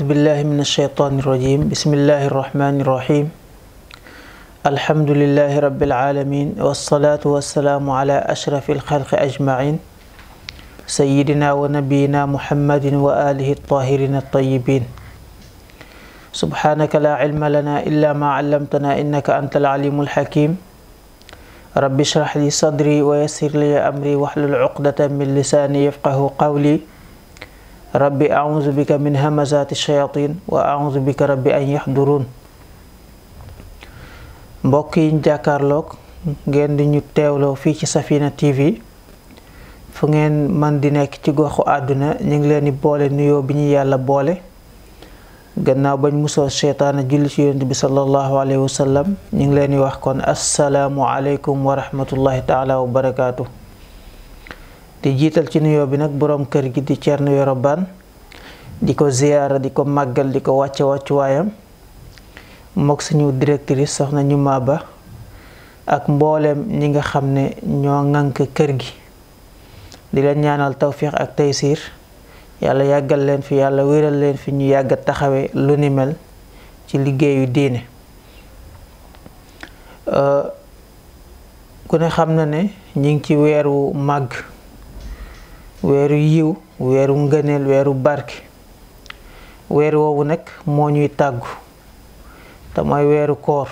أعوذ بالله من الشيطان الرجيم بسم الله الرحمن الرحيم الحمد لله رب العالمين والصلاة والسلام على أشرف الخلق أجمعين سيدنا ونبينا محمد وآله الطاهرين الطيبين سبحانك لا علم لنا إلا ما علمتنا إنك أنت العليم الحكيم رب اشرح لي صدري ويسر لي أمري واحلل عقدة من لساني يفقه قولي ربي أعوذ بك من همزات الشياطين وأعوذ بك ربي أن يحضرون بوكي جاكار لوك غين دي نيو في سفينة تي في فغين من دي نيك تي غوخو أدنا نيغ لين بولي نيو بي ني يالا بولي غناو باج موسو الشيطان جيل سي يونتبي صلى الله عليه وسلم نيغ لين واخ كون السلام عليكم ورحمه الله تعالى وبركاته di jiital ci nuyoo bi nag boroom kër gi di Thierno Yoro Bane di ko ziyaara di ko màggal di ko wàcce wàccuwaayam mook suñu directrice soxna ñu maaba ak mbooleem ñi nga xam ne ñoo ŋànk kër gi di leen ñaanal tawfiix ak taysiir yàlla yàggal leen fi yàlla wéral leen fi ñu yàgga taxawe lu ni mel ci liggéeyu diine euh, ku ne xam na ne ñu ngi ci weeru màgg weeru yiw weeru ngëneel weeru barke weer woowu nag moo ñuy tàggu te mooy weeru koor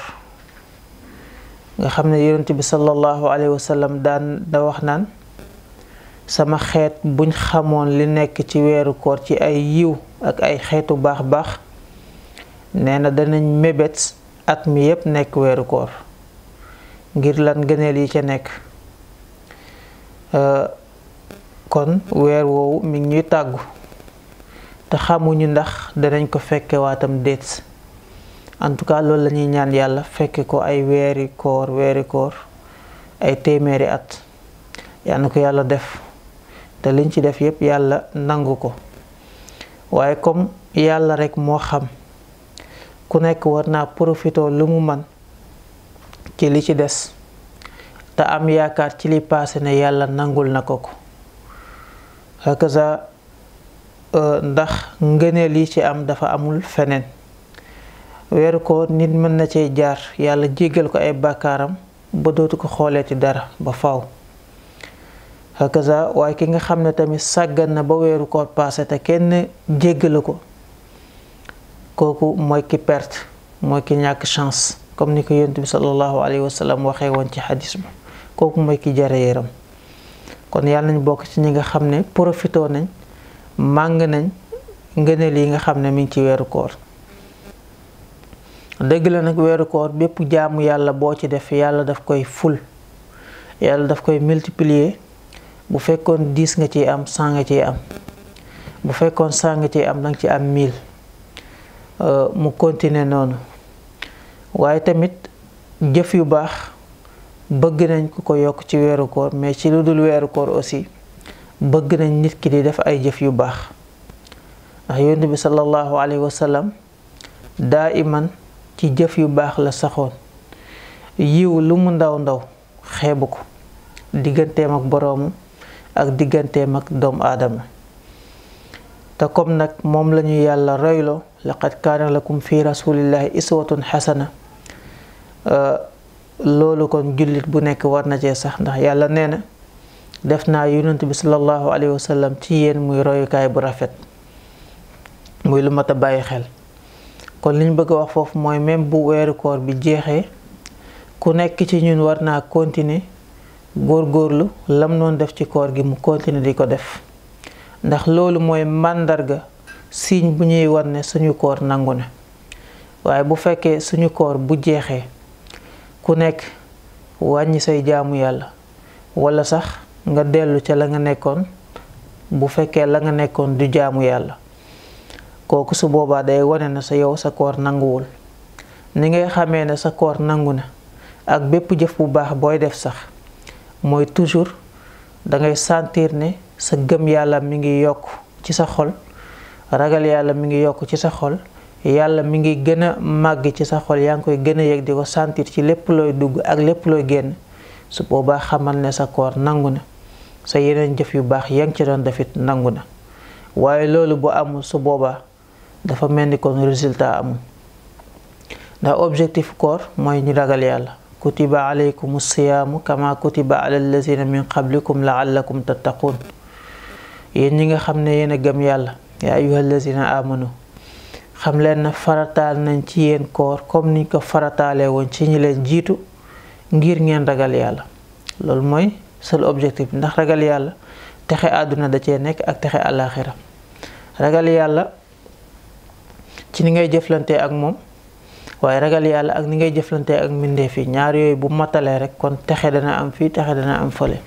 nga xam ne yonent bi sallallahu alayhi wa daan da wax naan sama xeet buñ xamoon li nekk ci weeru koor ci ay yiw ak ay xeetu baax baax nee na danañ mebet at mi yépp nekk weeru koor ngir lan ngëneel yi ca nekk kon weer wo mi ngi ñuy tàggu te xamuñu ndax danañ ko fekke waatam dets en tout cas loolu la ñaan yàlla fekke ko ay weeri koor weeri koor ay téeméeri at yaan ko yàlla def te liñ ci def yépp yàlla nangu ko waaye comme yàlla rek moo xam ku nekk warna naa profitoo lu mu man ci li ci am yaakar ci li paase ne yàlla nangul na ko hakaza euh, ndax ngëneel yi ci am dafa amul feneen weeru ko nit mën na cee jaar yàlla jéggal ko ay bàkkaaram ba dootu ko xooleeti dara ba faw hakaza waaye ki nga xam ne tamit sàggan na ba weeru koor passé te kenn jéggalu ko kooku mooy ki perte mooy ki ñàkk chance comme ni ko yonent bi sallallahu alayhi wa sallam waxee woon ci xadis bi kooku mooy ki jare yaram kon yàlla nañ bokk ci ñi nga xam ne profitoo nañ màng nañ ngëneel yi nga xam ne mi ngi ci weeru koor dëgg la nag weeru koor bépp jaamu yàlla boo ci def yàlla daf koy ful yàlla daf koy multiplier bu fekkoon diis nga ciy am cent nga ciy am bu fekkoon cent nga ciy am danga ci am mille euh, mu continuer noonu waaye tamit jëf yu baax bëgg nañ ko ko yok ci wëru koor mais ci luddul wëru weeru koor aussi bëgg nañ nit ki di def ay jëf yu bax ndax yonent bi sallallahu alayhi wa sallam daa ci jëf yu bax la saxoon yiw lu mu ndaw ndaw xeebu ko digganteem ak borom ak digganteem ak doom adam ta comme nak mom la yàlla royloo laqad kana lakum fi rasulillahi iswatun xasana loolu kon jullit bu nekk war na cee sax ndax yàlla nee na def naa yonent bi sallallahu alayhi wa ci yéen muy royukaay bu rafet muy lu mat a bàyyi xel kon liñ bëgg a wax foofu mooy même bu weeru koor bi jeexee ku nekk ci ñun war naa góor góorgóorlu lam noon def ci koor gi mu continuer di ko def ndax loolu mooy màndarga signe bu ñuy wan ne suñu koor nangu na waaye bu fekkee suñu koor bu jeexee ku nekk wàññi say jaamu yàlla wala sax nga dellu ca la nga nekkoon bu fekkee la nga nekkoon du jaamu yàlla kooku su boobaa day wane na sa yow sa koor nanguwul ni ngay xamee ne sa koor nangu na ak bépp jëf bu baax booy def sax mooy toujours dangay sentir ne sa gëm yàlla mi ngi yokk ci sa xol ragal yàlla mi ngi yokk ci sa xol yàlla mi ngi gën a màgg ci sa xool yaa ngi koy gën a yëg di ko sentir ci lépp looy dugg ak lépp looy génn su boobaa xamal ne sa koor nangu na sa yeneen jëf yu baax yaa ngi ci doon it nangu na waaye loolu bu amul su boobaa dafa mel ni kon résultat amul ndax objectif koor mooy ñu ragal yàlla kutiba alaykum siyaamu kama kutiba ala allazina min qablikum laallakum tattaqun yéen ñi nga xam ne yéen a gëm yàlla yaa ayuha allazina amanu xam leen na farataal nañ ci yéen koor comme niñ ko farataalee woon ci ñi leen jiitu ngir ngeen ragal yàlla loolu mooy seul objectif ndax ragal yàlla texe àdduna da cee nekk ak texe àllaaxira ragal yàlla ci ni ngay jëflantee ak moom waaye ragal yàlla ak ni ngay jëflantee ak mbindeef fii ñaar yooyu bu matalee rek kon texe dana am fii texe dana am fole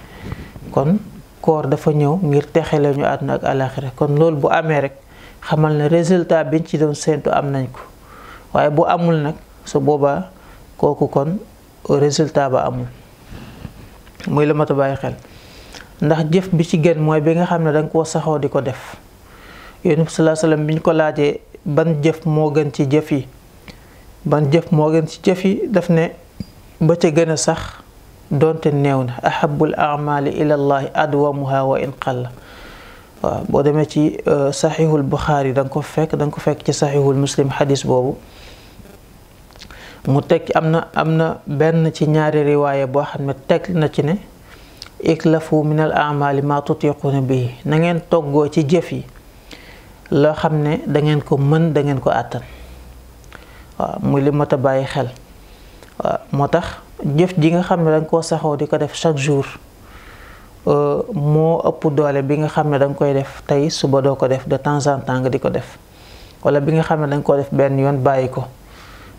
kon koor dafa ñëw ngir texe lañu àdduna ak àllaaxira kon loolu bu amee rek xamal ne résultat biñ ci doon sentu am nañ ko waye bu amul nak su boba koku kon résultat ba amul muy la mata baye xel ndax jëf bi ci gën moy bi nga xamne dang ko saxo diko def yunus sallallahu alayhi wasallam biñ ko laaje ban jëf mo gën ci jëf yi ban jëf mo gën ci jëf yi daf ne ba ca gëna sax donte néew na ahabul amali allah adwamuha wa in qalla waaw boo demee ci saxiixul Buxaari da nga ko fekk da nga ko fekk ci saxiixul muslim xadis boobu mu teg am na am na benn ci ñaari riwaaya boo xam ne teg na ci ne iklafu min al amali ma tutiquuna bi na ngeen toggoo ci jëf yi loo xam ne da ngeen ko mën da ngeen ko àttan waaw muy li mat a bàyyi xel waaw moo tax jëf ji nga xam ne da nga koo saxoo di ko def chaque jour Euh, Mo ëpp doole bi nga xam ne koy def tayi suba do ko def de temps en temps di def wala bi nga xam ne ko def benn yoon bàyyi ko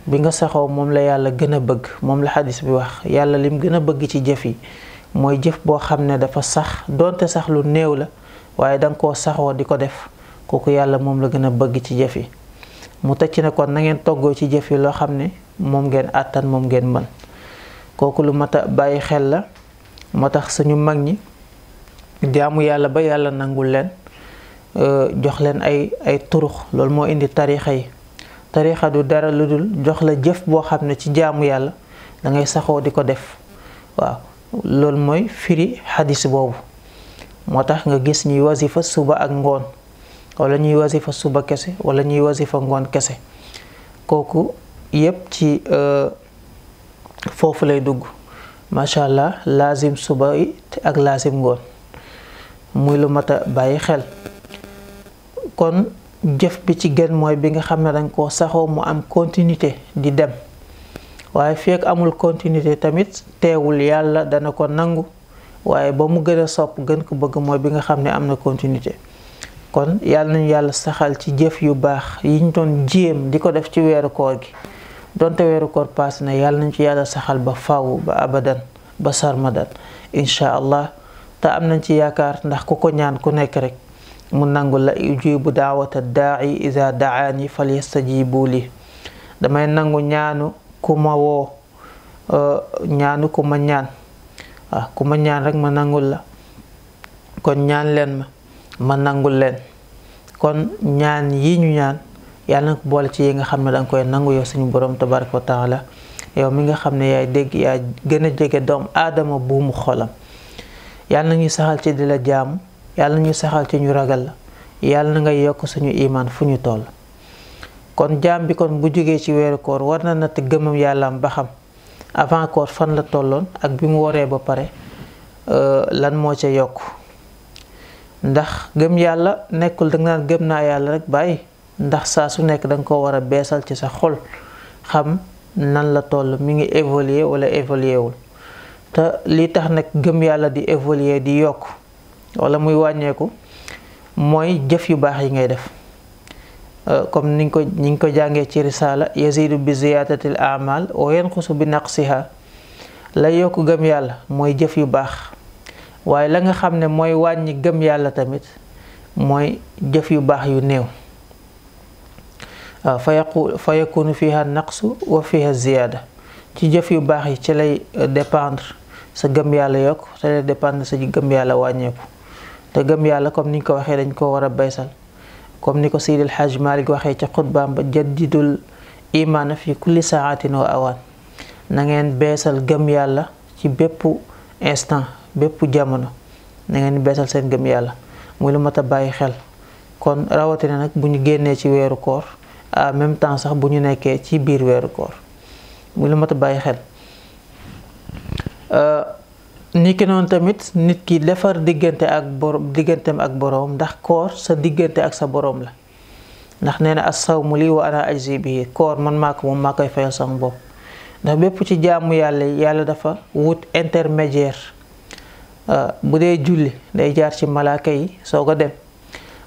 bi nga saxoo moom la yàlla gën a bëgg la xadis bi wax lim gina a bëgg ci jëf yi mooy jëf boo xam ne dafa sax donte sax lu néew la waaye danga koo di ko def kooku yàlla mom la gina a bëgg ci jëf yi mu tëcc ne kon na ngeen toggoo ci jëf yi loo xam ne moom ngeen àttan moom ngeen mën lu xel la moo suñu mag jaamu yàlla ba yàlla nangul leen euh, jox leen ay ay turux loolu moo indi tarixa yi tarixa du dara lu dul jox la jëf boo xam ne ci jaamu yàlla da ngay saxoo di ko def waaw loolu mooy firi xadis boobu moo tax nga gis ñuy wasifa suba ak ngoon wala ñuy wasifa suba kese wala ñuy wasifa ngoon kese kooku yépp ci euh, foofu lay dugg macha allah laazim suba yi ak laazim ngoon muy lu mat a bàyyi xel kon jëf bi ci gën mooy bi nga xam ne dañ koo saxoo mu am continuité di dem waaye fekk amul continuité tamit teewul yàlla dana ko nangu waaye ba mu gën a sopp gën ko bëgg mooy bi nga xam ne am na continuité kon yàlla nañu yàlla saxal ci jëf yu baax yi ñu doon jéem di ko def ci weeru koor gi donte weeru koor paas na yàlla nañ ci yàlla saxal ba faw ba abadan ba sarmadan incha allah te am nañ ci yaakaar ndax ku ko ñaan ku nekk rek mu nangu la ujibu daawata daai iza daani falyastajibu li damay nangu ñaanu ku ma woo euh, ñaanu ku ma ñaan waaw ah, ku ma ñaan rek ma nangu la kon ñaan leen ma ma nangu leen kon ñaan yi ñu ñaan yàlla na ko boole ci yi nga xam ne danga koy nangu yow suñu borom tabaraka wa taala yow mi nga xam ne yaay dégg yaa gën a jege doom aadama buumu xolam yàlla na ñuy saxal ci di la jaamu yàlla na ñuy ci ñu ragal la yàlla na ngay yokk suñu imaan fu ñu toll kon jaam bi kon bu jógee ci weeru koor war na na te natt yàlla am ba xam avant koor fan la tolloon ak bi mu waree ba pare euh, lan moo ca yokk ndax gëm yàlla nekkul danga nga naan gëm naa yàlla rek bàyyi ndax saa su nekk da nga ko war a beesal ci sa xol xam nan la toll mu ngi évoluer wala évoluer wul te li tax nag gëm yàlla di évoluer di yokk walla muy wàññeeku mooy jëf yu baax yi ngay def euh, comme niñ ko niñ ko jàngee ci risaala yazidu bi ziyadatil amal wa yanqusu bi naqsiha la yokk gëm yàlla mooy jëf yu baax waaye la nga xam ne mooy wàññi gëm yàlla tamit mooy jëf yu baax yu néew waaw euh, fa fii fa yakunu fiha naqsu wa ziyaada ci jëf yu baax yi ci lay dépendre sa gëm yàlla yokk te day dépendre sa gëm yàlla wàññeeku te gëm yàlla comme ni ko waxee dañ ko war a baysal comme ni ko Seydil Hajj Malik waxee ca xutbaam ba jaddidul imaana fi kulli saatin wa awaan na ngeen beesal gëm yàlla ci bépp instant bépp jamono na ngeen beesal seen gëm yàlla muy lu mat a bàyyi xel kon rawatina nag bu ñu génnee ci weeru koor en même temps sax bu ñu nekkee ci biir weeru koor muy lu mat a bàyyi xel Euh, ni ki noonu tamit nit ki defar diggante ak borom digganteem ak borom ndax koor sa diggante ak sa borom la ndax nee na as sawmu lii wa ana ajzi bihi koor man maa moom maa koy fayal sama bopp ndax bépp ci jaamu yàlla yàlla dafa wut intermédiaire euh, bu dee julli day jaar ci malaaka yi soo ko dem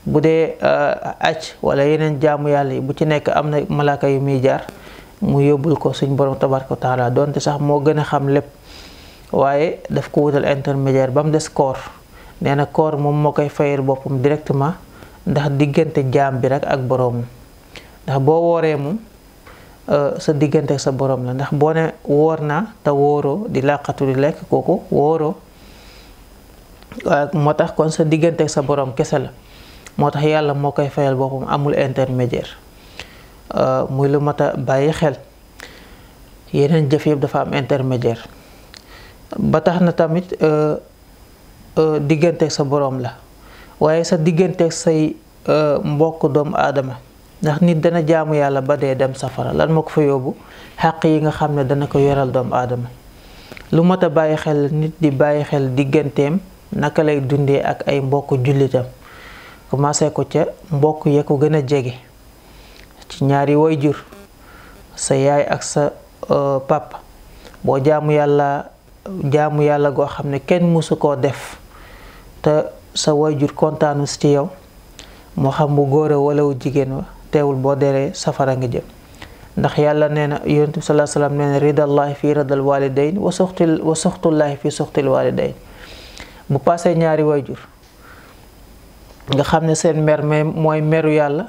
bu dee euh, aj wala yeneen jaamu yàlla yi bu ci nekk am na malaaka yu muy jaar mu yóbbul ko suñ borom tabaraka wa taala donte sax moo gën a xam lépp waaye daf ko wutal intermédiaire ba mu des koor nee na koor moom moo koy fayal boppam directement ndax diggante jaam bi rek ak boroomu ndax boo wooree moom euh, sa diggante sa boroom la ndax boo ne woor naa te wóoroo di làqatu di lekk kooku wóoroo waaye moo tax kon sa diggante sa boroom kese la moo tax yàlla moo koy fayal boppam amul intermédiaire euh, muy lu mat a bàyyi xel yeneen jëf yëpp dafa am intermédiaire ba tax na tamit euh, euh, digganteeg sa boroom la waaye sa digganteeg say euh, mbokk doomu aadama ndax nit dana jaamu yàlla ba dee dem safara lan ma ko fa yóbbu xàq yi nga xam ne dana ko yoral doomu aadama lu mat a bàyyi xel nit di bàyyi xel digganteem naka lay dundee ak ay mbokk jullitam commencé ko ca mbokk ya ko gën a jege ci ñaari way jur sa yaay ak sa papa boo jaamu yàlla jaamu yàlla goo xam ne kenn mësu koo def te sa wayjur kontaanu ci yow moo xam bu góore wala wu jigéen wa teewul boo deree safara nga jëm ndax yàlla nee na yonent bi salaa salaam fi ridal walidayn wa suxtil wa suxtullaahi fi suxtil walidayn bu paasee ñaari wayjur nga xam ne seen mer mooy meru yàlla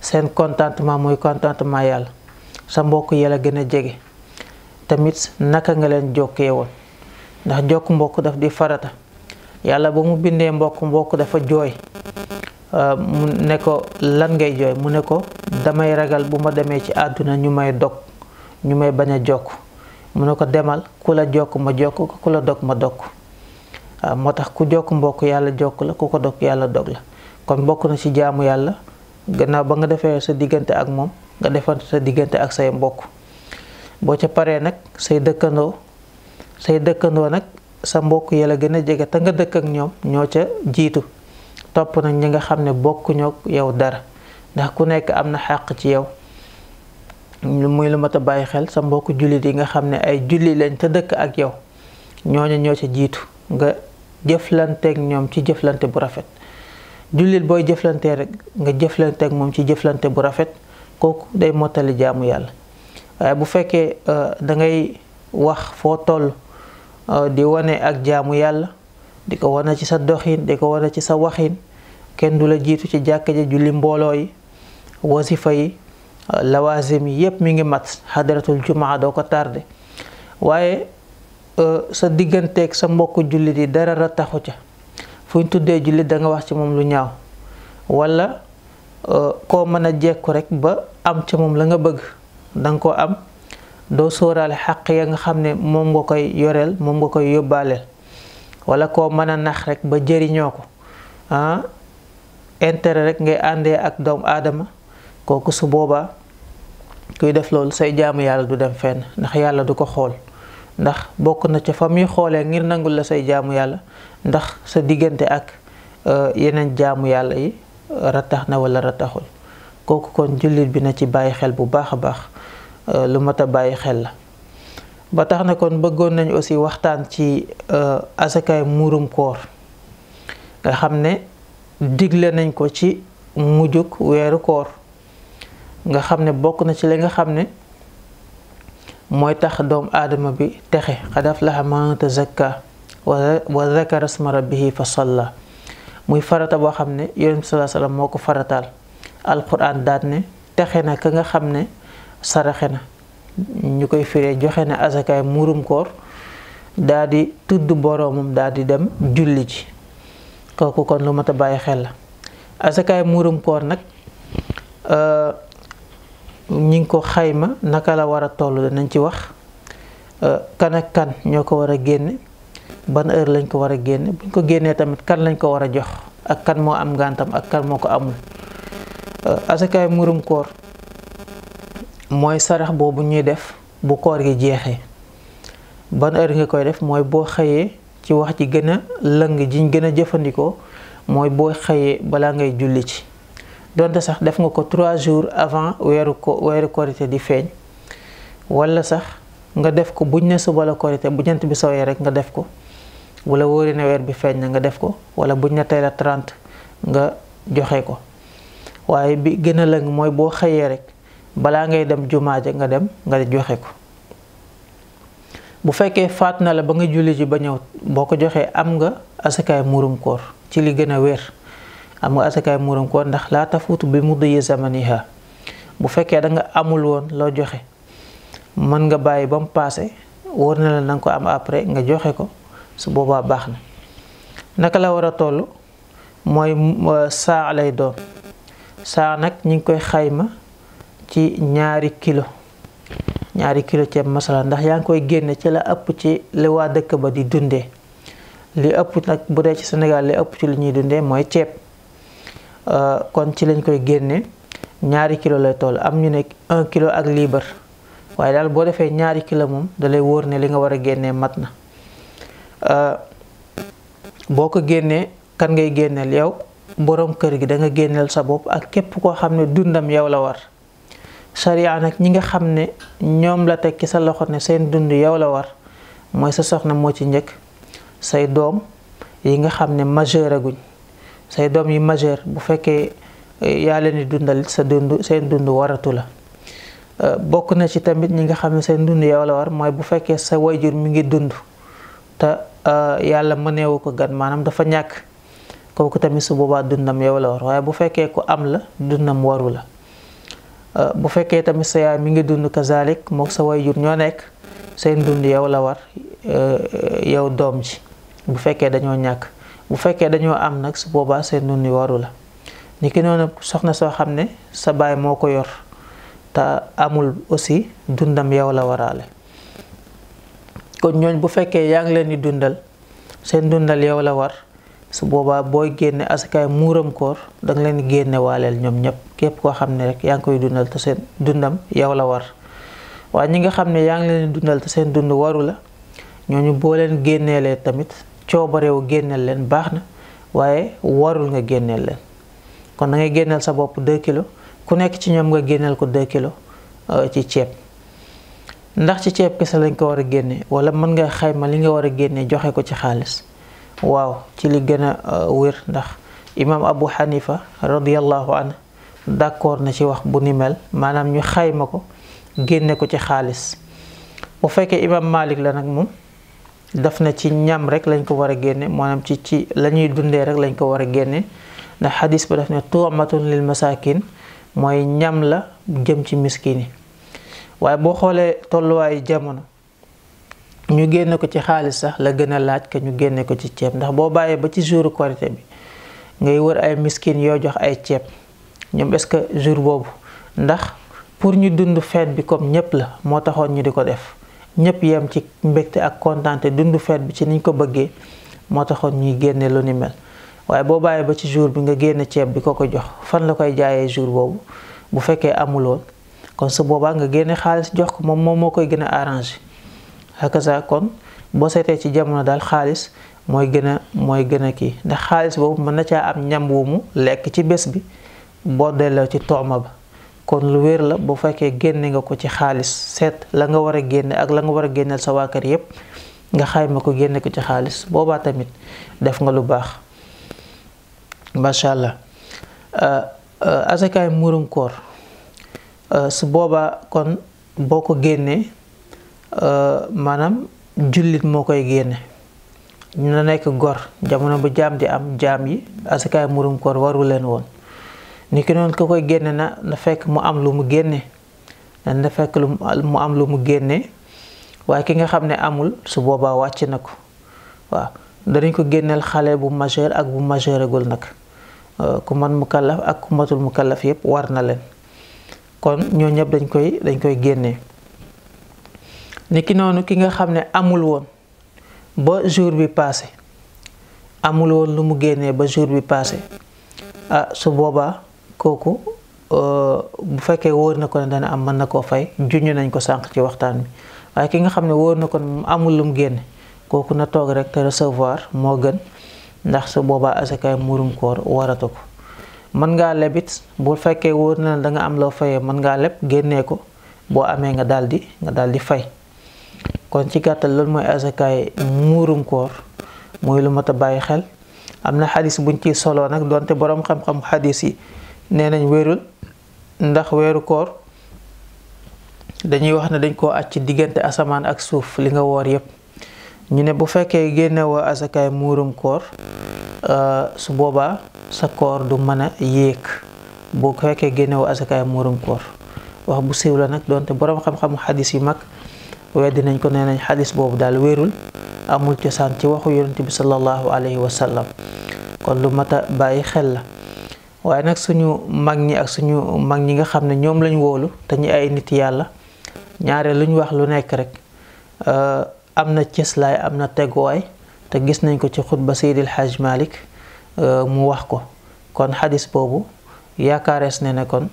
seen contentement mooy contentement yàlla sa mbokk yàlla gën a jege tamit naka nga leen jokkee woon ndax jokk mbokk daf di farata yàlla ba mu bindee mbokk mbokk dafa jooy euh, mu ne ko lan ngay jooy mu ne ko damay ragal bu ma demee ci àdduna ñu may dog ñu may bañ a jokk mu ne ko demal ku la jokk ma jokk ko ku la dog ma dog waaw euh, moo tax ku jokk mbokk yàlla jokk la ku ko dog yàlla dog la kon bokk na ci jaamu yàlla gannaaw ba nga defee sa diggante ak moom nga defante sa diggante ak say mbokk boo ca paree nag say dëkkandoo say dëkkandoo nag sa mbokk yàlla gën a jege te nga dëkk ak ñoom ñoo ca jiitu topp nag ñi nga xam ne bokkuñoo yow dara ndax ku nekk am na xàq ci yow muy lu mat a bàyyi xel sa mbokk jullit yi nga xam ne ay julli lañ te dëkk ak yow ñooñu ñoo ca jiitu nga jëflanteeg ñoom ci jëflante bu rafet jullit booy jëflantee rek nga jëflanteeg moom ci jëflante bu rafet kooku day mottali jaamu yàlla waaye bu fekkee euh, dangay wax foo toll Euh, di wane ak jaamu yàlla di ko wane ci sa doxin di ko wane ci sa waxin kenn du la jiitu ci jàkka ja julli mbooloo yi wasifa yi euh, lawaasim yi yépp mi ngi mat xadaratul jumaa doo ko tardé waaye euh, sa digganteek sa mbokk jullit yi dara ra taxu ca fu ñu tuddee jullit danga wax ci moom lu ñaaw walla koo mën a jekku rek ba am ca moom la nga bëgg danga ko am doo sóoraale xaq ya nga xam ne moom nga koy yoreel moom nga koy yóbbaaleel walla koo mën a nax rek ba jëriñoo ko ah intérêt rek ngay àndee ak doomu aadama kooku su boobaa kuy def loolu say jaamu yàlla du dem fenn ndax yàlla du ko xool ndax bokk na ca fa muy xoolee ngir nangul la say jaamu yàlla ndax sa diggante ak euh, yeneen jaamu yàlla yi rattax na wala rattaxul kooku kon jullit bi na ci bàyyi xel bu baax a baax Euh, lu mat a bàyyi xel la ba tax na kon bëggoon nañu aussi waxtaan ci euh, asakaay muurum koor nga xam ne digle nañ ko ci mujjug weeru koor nga xam ne bokk na ci li nga xam ne mooy tax doomu aadama bi texe qad aflaha man tazakka wa zakara muy farata boo xam ne yonent bi moo ko faratal alquran daat ne texe na ka nga xam ne saraxe na ñu koy firee joxe murum koor daal di tudd boroomam dem julli ji kooku kon lu mat a xel murum koor nak, euh, ñi ngi ko xayma naka la war a toll ci wax euh, kan ak kan ñoo ko war ban heure lañ ko war a buñ ko génnee tamit kan lañ ko war a jox ak kan am ak kan murum euh, koor mooy sarax boobu ñuy def bu koor gi jeexee ban heure nga koy def mooy boo xëyee ci wax ji gën a lëng jiñ gën a jëfandikoo mooy boo xëyee balaa ngay julli ci donte sax def nga ko trois jours avant weeru ko weeru korité di feeñ wala sax nga def ko buñ ne suba la korité bu jant bi sooyee rek nga def ko wala wóori ne bi feeñ na nga def ko wala buñ ne tey la nga joxe ko waaye bi gën a lëng mooy boo xëyee rek balaa ngay dem jumaa ja nga dem nga joxe ko bu fekkee faat na la ba nga julli ji ba ñëw boo ko joxee am nga asakaay muurum ci li gën a wér am nga asakaay muurum ndax laa tafuutu bi mu dëyee zamaniha bu fekkee danga amul woon loo joxe mën nga bàyyi ba mu paase wóor na la na ko am après nga joxe ko su boobaa baax na naka la war a toll mooy euh, saa lay doon saa nag ñu ngi koy xayma ci ñaari kilo ñaari kilo ceeb masala ndax yaa ngi koy génne ci la ëpp ci li waa dëkk ba di dundee li ëpp nag bu dee ci Sénégal li ëpp ci li ñuy dundee mooy ceeb euh, kon ci lañ koy génne ñaari kilo lay toll am ñu ne un kilo ak liibar waaye daal boo defee ñaari kilo moom dalay wóor ne li nga war a génnee mat na euh, boo ko génnee kan ngay génneel yow boroom kër gi danga nga génneel sa bopp ak képp koo xam ne dundam yow la war sariya nag ñi nga xam ne ñoom la teg ci sa loxo ne seen dund yow la war mooy sa soxna moo ci njëkk say doom yi nga xam ne majeur aguñ say doom yi majeur bu fekkee eh, yaa leen di dundal sa dund seen dund waratu la eh, bokk na ci tamit ñi nga xam ne seen dund yow la war mooy bu fekkee sa wayjur mi ngi dund te eh, yàlla ma mëneewu ko gan maanaam dafa ñàkk kooku tamit su boobaa dundam yow la war waaye bu fekkee ku am la dundam waru la Euh, bu fekkee tamit sa yaay mi ngi dund kazalik mook sa way jur ñoo nekk seen dund yow la war euh, yow doom ji bu fekkee dañoo ñàkk bu fekkee dañoo am nag su boobaa seen dund waru la ni ki noonu soxna soo xam ne sa baay moo ko yor te amul aussi dundam yow la waraale kon ñooñ bu fekkee yaa ngi leen di dundal seen dundal yow la war su boobaa booy génnee asakaay muuram koor da leen génne waaleel ñoom ñëpp képp koo xam ne rek yaa ngi koy dundal te seen dundam yow la war waaye ñi nga xam ne yaa ngi leen dundal te seen dund waru la ñooñu boo leen génneelee tamit coobarewu génneel leen baax na waaye warul nga génneel leen kon da ngay génneel sa bopp 2 kilos ku nekk ci ñoom nga génneel ko 2 kilos euh, ci ceeb ndax ci ceeb kese lañ ko war a génne wala mën nga xayma li nga war a génne joxe ko ci xaalis waaw ci li gën a euh, wér ndax imaam Abu Hanifa radiallahu anhu d'accord na ci wax bu ni maanaam ñu xayma ko génne ko ci xaalis bu fekkee imaam Malik la nag moom daf na ci ñam rek lañ ko war a génne maanaam ci ci la ñuy dundee rek lañ ko war a génne ndax xadis ba daf ne tuamatun lil masakin mooy ñam la jëm ci miskin yi waaye boo xoolee tolluwaayu jamono ñu génne ko ci xaalis sax la gën a laaj que ñu génne ko ci ceeb ndax boo bàyyee ba ci jour korité bi ngay wër ay miskin yoo jox ay ceeb ñoom est-ce que jour boobu ndax pour ñu dund feet bi comme ñëpp la moo taxoon ñu di ko def ñëpp yem ci mbégte ak kontaante dund feet bi ci niñ ko bëggee moo taxoon ñuy génne lu ni mel waaye boo bàyyee ba ci jour bi nga génne ceeb bi ko ko jox fan la koy jaayee jour boobu bu fekkee amuloon kon su boobaa nga génne xaalis jox ko moom moom moo koy gën a arrangé hakaza kon boo seetee ci jamono daal xaalis mooy gën a mooy gën a kii ndax xaalis boobu mën na caa am ñam wu mu lekk ci bés bi boo delloo ci tooma ba kon lu wér la bu fekkee génne nga ko ci xaalis seet la nga war a génne ak nga war a génneel sa waa kër yépp nga xayma ko génne ko ci xaalis boobaa tamit def nga lu baax macha allah euh, euh, asakaay murum koor euh, su boobaa kon boo ko génnee Euh, maanaam jullit moo koy génne na nekk gor jamono bu jaam di am jaam yi asakaay murum koor waru leen woon ni ki noonu ko koy génne na na fekk mu am lu mu génne na fekk lu am lu mu génne waaye ki nga xam ne amul su boobaa wàcc na ko waaw danañ ko génneel xale bu majeur ak bu majeuragul nag euh, ku man mu kallaf ak ku mu kallaf yépp war na leen kon ñoo ñëpp dañ koy dañ koy génne ni ki noonu ki nga xam ne amul woon ba jour bi paase amul woon lu mu génnee ba jour bi passé ah su boobaa kooku euh, bu fekkee wóor na ko ne dana am mën na koo fay junj nañ ko sànq ci waxtaan bi waaye ki nga xam ne wóor na ko ne amul lu mu génne kooku na toog rek te recevoir moo gën ndax su boobaa asakaay murum koor waratu ko mën ngaa lebit bu fekkee wóor na ne danga am loo fayee mën ngaa leb génnee ko boo amee nga daal di nga daal di fay kon ci gàttal loolu mooy azakaay muurum koor mooy lu mat a bàyyi xel am na xadis buñ ciy soloo nag donte boroom xam-xam xadis yi nee nañ wérul ndax weeru koor dañuy wax ne dañ koo aj ci diggante asamaan ak suuf li nga woor yépp ñu ne bu fekkee génne woo azakaay muurum euh, su boobaa sa koor du mën a yéeg bu fekkee génne woo azakaay muurum wax bu siiw nag donte boroom xam-xam xadis yi mag weddi ko nee nañ xadis boobu daal wéerul amul cosaan ci waxu yonent bi sallallahu alayhi wa sallam kon lu mat a bàyyi xel la waaye nag suñu mag ñi ak suñu mag ñi nga xam ne ñoom lañ wóolu te ñu ay nit yàlla ñaare luñ wax lu nekk rek euh, am na cëslaay am na teguwaay te gis nañ ko ci xutba Seydil Hajj Malik euh, mu wax ko kon xadis boobu yaakaarees ne ne kon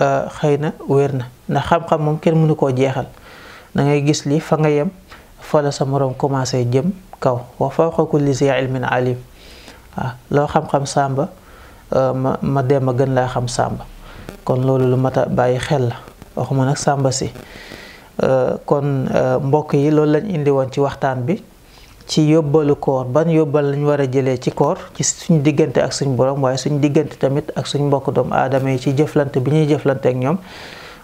euh, xëy na wér na ndax xam-xam moom kenn mënu koo jeexal dangay gis li fa nga yem fa la sa moroom commencé jëm kaw wa fawqa kulli zi ilmin alim waaw loo xam-xam sàmba euh, ma ma dem a gën laa xam sàmba kon loolu lu mat a bàyyi xel la waxuma nag sàmba si euh, kon euh, mbokk yi loolu lañ indi woon ci waxtaan bi ci yóbbalu koor ban yóbbal lañu war a jëlee ci koor ci suñ diggante ak suñu borom waaye suñu diggante tamit ak suñu mbokk doomu aadama yi ci jëflante bi ñuy jëflante ak ñoom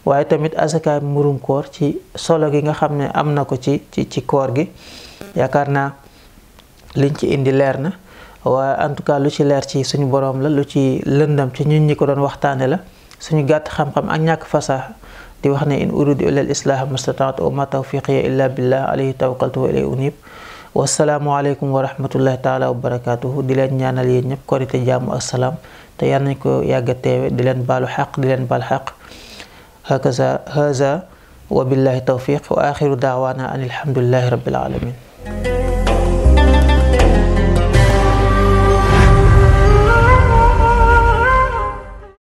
waaye tamit asakaay murum koor ci solo gi nga xam ne am na ko ci ci ci koor gi yaakaar naa liñ ci indi leer na waaye en tout cas lu ci leer ci suñu borom la lu ci lëndam ci ñu ñi ko doon waxtaane la suñu gàtt xam-xam ak ñàkk fasaa di wax ne in uridu illa al islaah mastataatu wa ma tawfiqiya illa billah alayhi tawakkaltu wa ilayhi unib wasalaamualeykum wa rahmatullahi taala wa barakatuhu di leen ñaanal yéen ñëpp korite jàmm ak salaam te yal nañ ko yàgg teewe di leen baalu xaq di leen baal xaq هكذا هذا وبالله التوفيق وآخر دعوانا أن الحمد لله رب العالمين